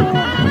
Woo!